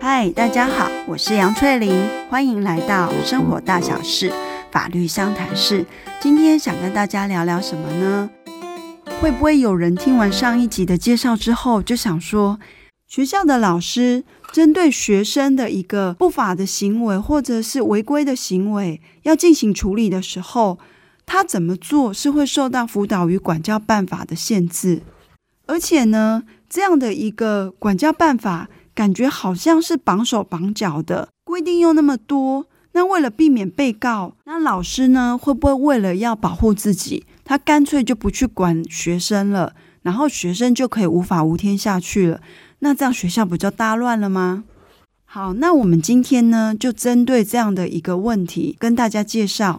嗨，大家好，我是楊翠玲，歡迎來到生活大小事法律相談室。今天想跟大家聊聊什麼呢？會不會有人聽完上一集的介紹之後，就想說，學校的老師針對學生的一個不法的行為，或者是違規的行為，要進行處理的時候，他怎麼做是會受到《輔導與管教辦法》的限制？而且呢？這樣的一個管教辦法，感覺好像是綁手綁腳的規定又那麼多。那為了避免被告，那老師呢會不會為了要保護自己，他乾脆就不去管學生了，然後學生就可以無法無天下去了？那這樣學校不就大亂了嗎？好，那我們今天呢就針對這樣的一個問題，跟大家介紹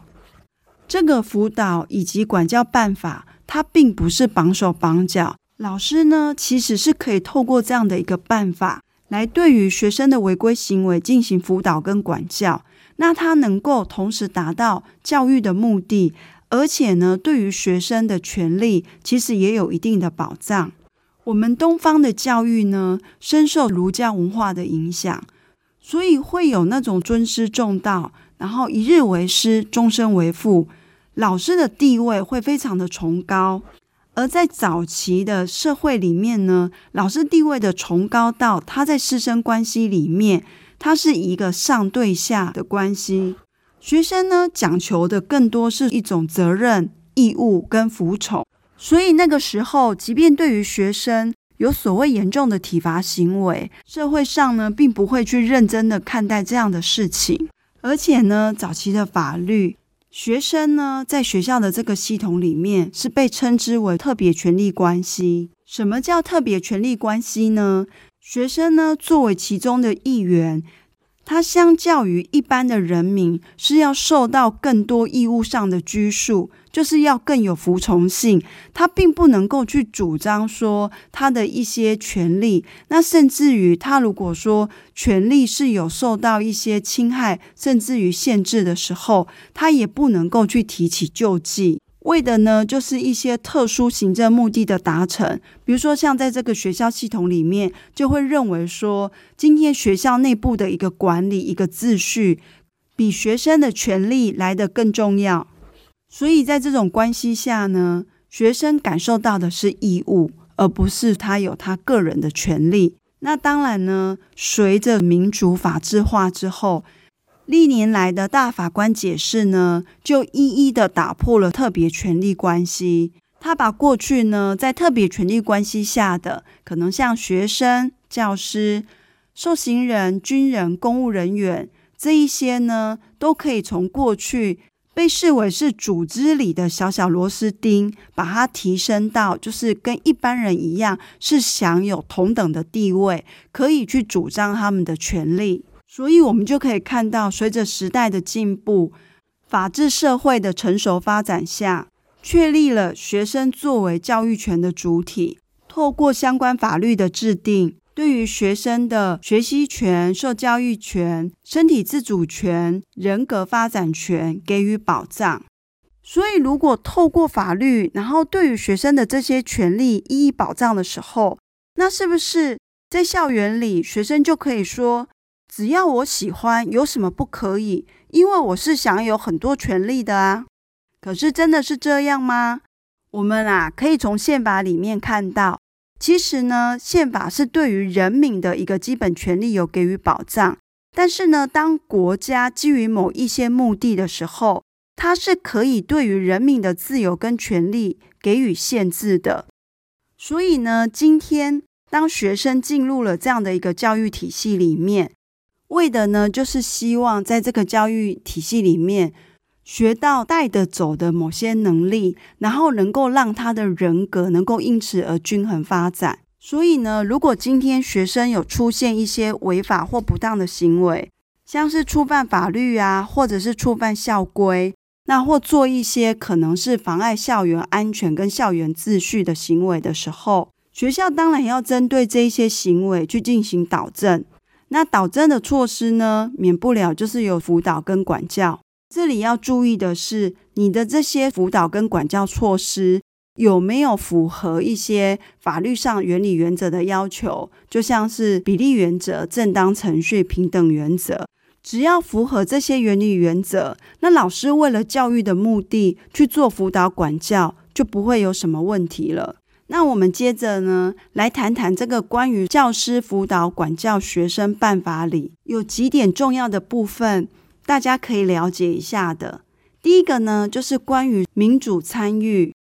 這個輔導以及管教辦法，它並不是綁手綁腳。老師呢，其實是可以透過這樣的一個辦法，來對於學生的違規行為進行輔導跟管教。那他能夠同時達到教育的目的，而且呢，對於學生的權利，其實也有一定的保障。我們東方的教育呢，深受儒家文化的影響，所以會有那種尊師重道，然後一日為師，終身為父，老師的地位會非常的崇高。而在早期的社會裡面呢，老師地位的崇高到他在師生關係裡面，他是一個上對下的關係。學生呢，講求的更多是一種責任、義務跟服從。所以那個時候，即便對於學生有所謂嚴重的體罰行為，社會上呢，並不會去認真的看待這樣的事情。而且呢，早期的法律，學生呢，在學校的這個系統裡面，是被稱之為特別權力關係。什麼叫特別權力關係呢？學生呢，作為其中的一員，他相較於一般的人民，是要受到更多義務上的拘束。就是要更有服從性，他並不能夠去主張說他的一些權利。那甚至於他如果說權利是有受到一些侵害，甚至於限制的時候，他也不能夠去提起救濟。為的呢，就是一些特殊行政目的的達成，比如說像在這個學校系統裡面，就會認為說今天學校內部的一個管理、一個秩序，比學生的權利來得更重要。所以在這種關係下呢，學生感受到的是義務，而不是他有他個人的權利。那當然呢，隨着民主法治化之後，歷年來的大法官解釋呢，就一一的打破了特別權力關係。他把過去呢，在特別權力關係下的可能像學生、教師、受刑人、軍人、公務人員這一些呢，都可以從過去被視為是組織裡的小小螺絲釘，把它提升到就是跟一般人一樣，是享有同等的地位，可以去主張他們的權利。所以，我們就可以看到，隨着時代的進步，法治社會的成熟發展下，確立了學生作為教育權的主體，透過相關法律的制定。對於學生的學習權、受教育權、身體自主權、人格發展權給予保障。所以，如果透過法律，然後對於學生的這些權利予以保障的時候，那是不是在校園裡，學生就可以說，只要我喜歡，有什麼不可以？因為我是享有很多權利的啊。可是，真的是這樣嗎？我們啊，可以從憲法裡面看到。其實呢，憲法是對於人民的一個基本權利有給予保障。但是呢，當國家基於某一些目的的時候，它是可以對於人民的自由跟權利給予限制的。所以呢，今天，當學生進入了這樣的一個教育體系裡面，為的呢，就是希望在這個教育體系裡面，學到帶得走的某些能力，然後能夠讓他的人格能夠因此而均衡發展。所以呢，如果今天學生有出現一些違法或不當的行為，像是觸犯法律啊，或者是觸犯校規，那或做一些可能是妨礙校園安全跟校園秩序的行為的時候，學校當然要針對這些行為去進行導正。那導正的措施呢，免不了就是有輔導跟管教。這裡要注意的是，你的這些輔導跟管教措施有沒有符合一些法律上原理原則的要求？就像是比例原則、正當程序、平等原則，只要符合這些原理原則，那老師為了教育的目的去做輔導管教，就不會有什麼問題了。那我們接着呢，來談談這個關於《教師輔導管教學生辦法》裡有幾點重要的部分。大家可以了解一下的。第一個呢，就是關於民主參與。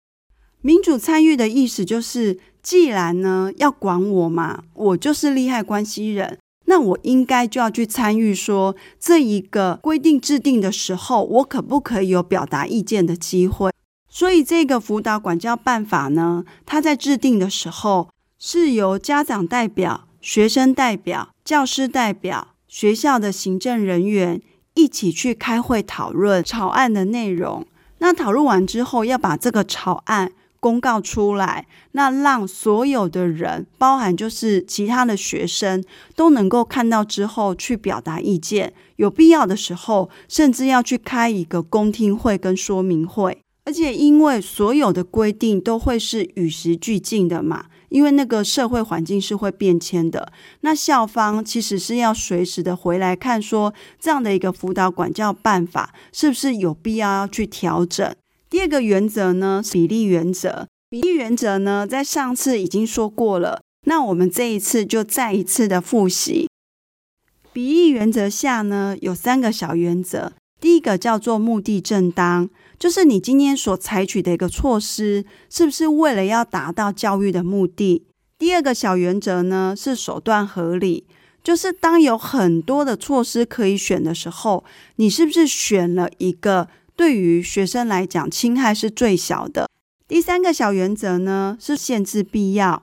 民主參與的意思就是，既然呢要管我嘛，我就是利害關係人，那我應該就要去參與說，這一個規定制定的時候，我可不可以有表達意見的機會？所以這個輔導管教辦法呢，它在制定的時候是由家長代表、學生代表、教師代表、學校的行政人員，一起去開會討論草案的內容。那討論完之後，要把這個草案公告出來，那讓所有的人，包含就是其他的學生，都能夠看到之後去表達意見。有必要的時候，甚至要去開一個公聽會跟說明會。而且，因為所有的規定都會是與時俱進的嘛。因為那個社會環境是會變遷的，那校方其實是要隨時的回來看，說這樣的一個輔導管教辦法是不是有必要要去調整？第二個原則呢，是比例原則。比例原則呢，在上次已經說過了，那我們這一次就再一次的複習。比例原則下呢，有三個小原則。第一個叫做目的正當，就是你今天所採取的一個措施，是不是為了要達到教育的目的？第二個小原則呢，是手段合理，就是當有很多的措施可以選的時候，你是不是選了一個對於學生來講侵害是最小的？第三個小原則呢，是限制必要，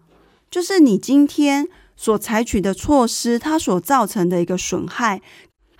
就是你今天所採取的措施，它所造成的一個損害。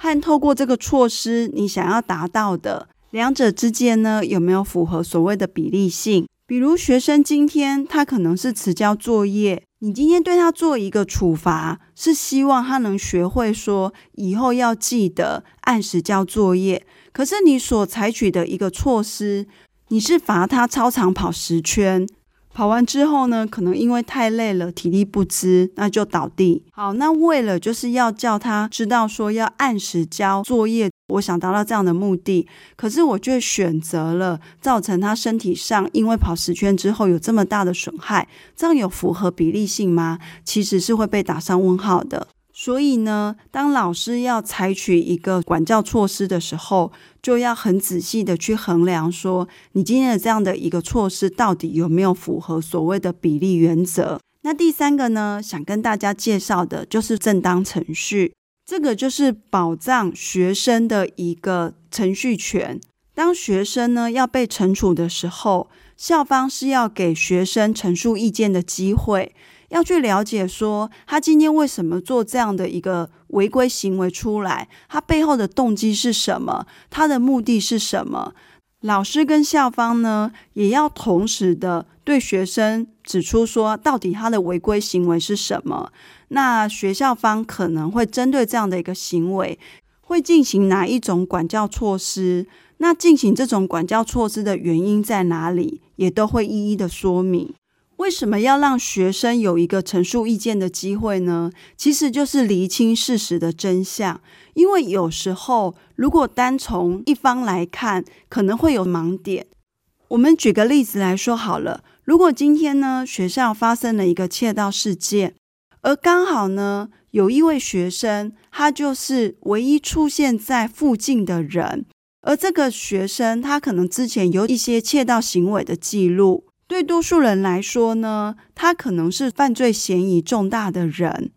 和透過這個措施，你想要達到的，兩者之間呢，有沒有符合所謂的比例性？比如學生今天他可能是遲交作業，你今天對他做一個處罰，是希望他能學會說以後要記得按時交作業。可是你所採取的一個措施，你是罰他操場跑十圈。跑完之後呢，可能因為太累了，體力不支，那就倒地。好，那為了就是要叫他知道說要按時交作業，我想達到這樣的目的，可是我卻選擇了造成他身體上因為跑十圈之後有這麼大的損害，這樣有符合比例性嗎？其實是會被打上問號的。所以呢，當老師要採取一個管教措施的時候，就要很仔細的去衡量說，說你今天的這樣的一個措施到底有沒有符合所謂的比例原則。那第三個呢，想跟大家介紹的就是正當程序，這個就是保障學生的一個程序權。當學生呢要被懲處的時候，校方是要給學生陳述意見的機會。要去了解說他今天為什麼做這樣的一個違規行為出來，他背後的動機是什麼，他的目的是什麼？老師跟校方呢，也要同時的對學生指出說，到底他的違規行為是什麼？那學校方可能會針對這樣的一個行為，會進行哪一種管教措施？那進行這種管教措施的原因在哪裡？也都會一一的說明。為什麼要讓學生有一個陳述意見的機會呢？其實就是釐清事實的真相。因為有時候，如果單從一方來看，可能會有盲點。我們舉個例子來說好了：如果今天呢，學校發生了一個竊盜事件，而剛好呢，有一位學生，他就是唯一出現在附近的人，而這個學生他可能之前有一些竊盜行為的記錄。對多數人來說呢，他可能是犯罪嫌疑重大的人。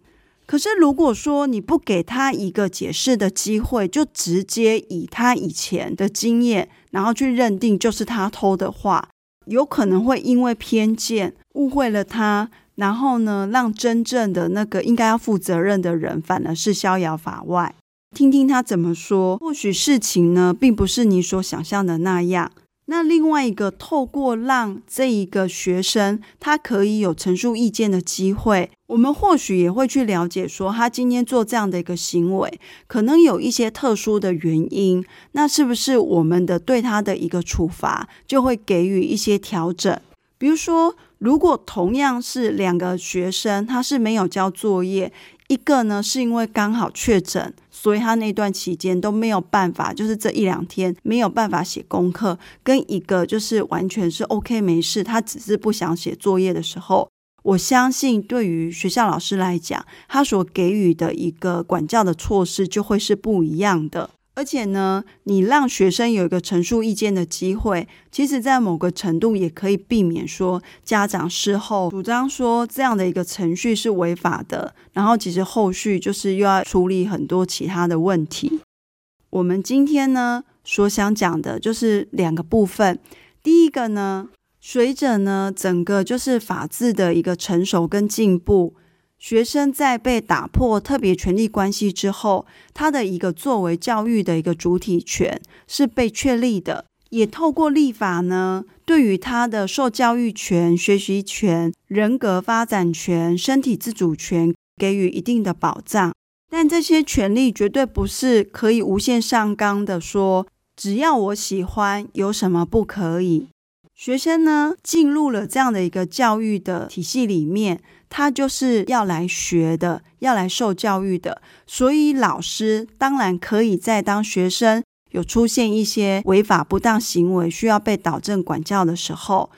可是，如果說你不給他一個解釋的機會，就直接以他以前的經驗，然後去認定就是他偷的話，有可能會因為偏見誤會了他，然後呢，讓真正的那個應該要負責任的人反而是逍遙法外。聽聽他怎麼說，或許事情呢，並不是你所想象的那樣。那另外一個，透過讓這一個學生，他可以有陳述意見的機會，我們或許也會去了解，說他今天做這樣的一個行為，可能有一些特殊的原因。那是不是我們的對他的一個處罰，就會給予一些調整？比如說，如果同樣是兩個學生，他是沒有交作業。一個呢，是因為剛好確診，所以他那段期間都沒有辦法，就是這一兩天沒有辦法寫功課，跟一個就是完全是 OK 沒事，他只是不想寫作業的時候，我相信對於學校老師來講，他所給予的一個管教的措施就會是不一樣的。而且呢，你讓學生有一個陳述意見的機會，其實在某個程度也可以避免說家長事後主張說這樣的一個程序是違法的，然後其實後續就是又要處理很多其他的問題。我們今天呢所想講的就是兩個部分，第一個呢，隨着呢整個就是法治的一個成熟跟進步。學生在被打破特別權力關係之後，他的一個作為教育的一個主體權是被確立的，也透過立法呢，對於他的受教育權、學習權、人格發展權、身體自主權給予一定的保障。但這些權利絕對不是可以無限上綱的，說只要我喜歡有什麼不可以。學生呢進入了這樣的一個教育的體系裡面。他就是要來學的，要來受教育的，所以老師當然可以在當學生有出現一些違法不當行為，需要被導正管教的時候，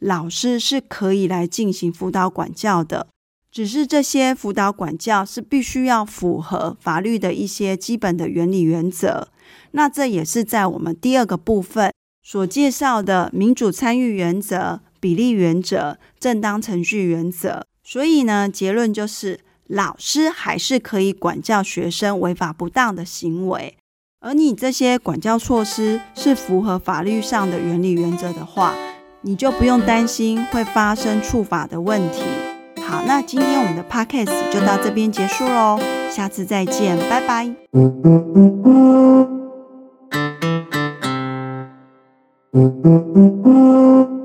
老師是可以來進行輔導管教的。只是這些輔導管教是必須要符合法律的一些基本的原理原則。那這也是在我們第二個部分所介紹的民主參與原則、比例原則、正當程序原則。所以呢，結論就是，老師還是可以管教學生違法不當的行為，而你這些管教措施是符合法律上的原理原則的話，你就不用擔心會發生觸法的問題。好，那今天我們的 podcast 就到這邊結束嘍，下次再見，拜拜。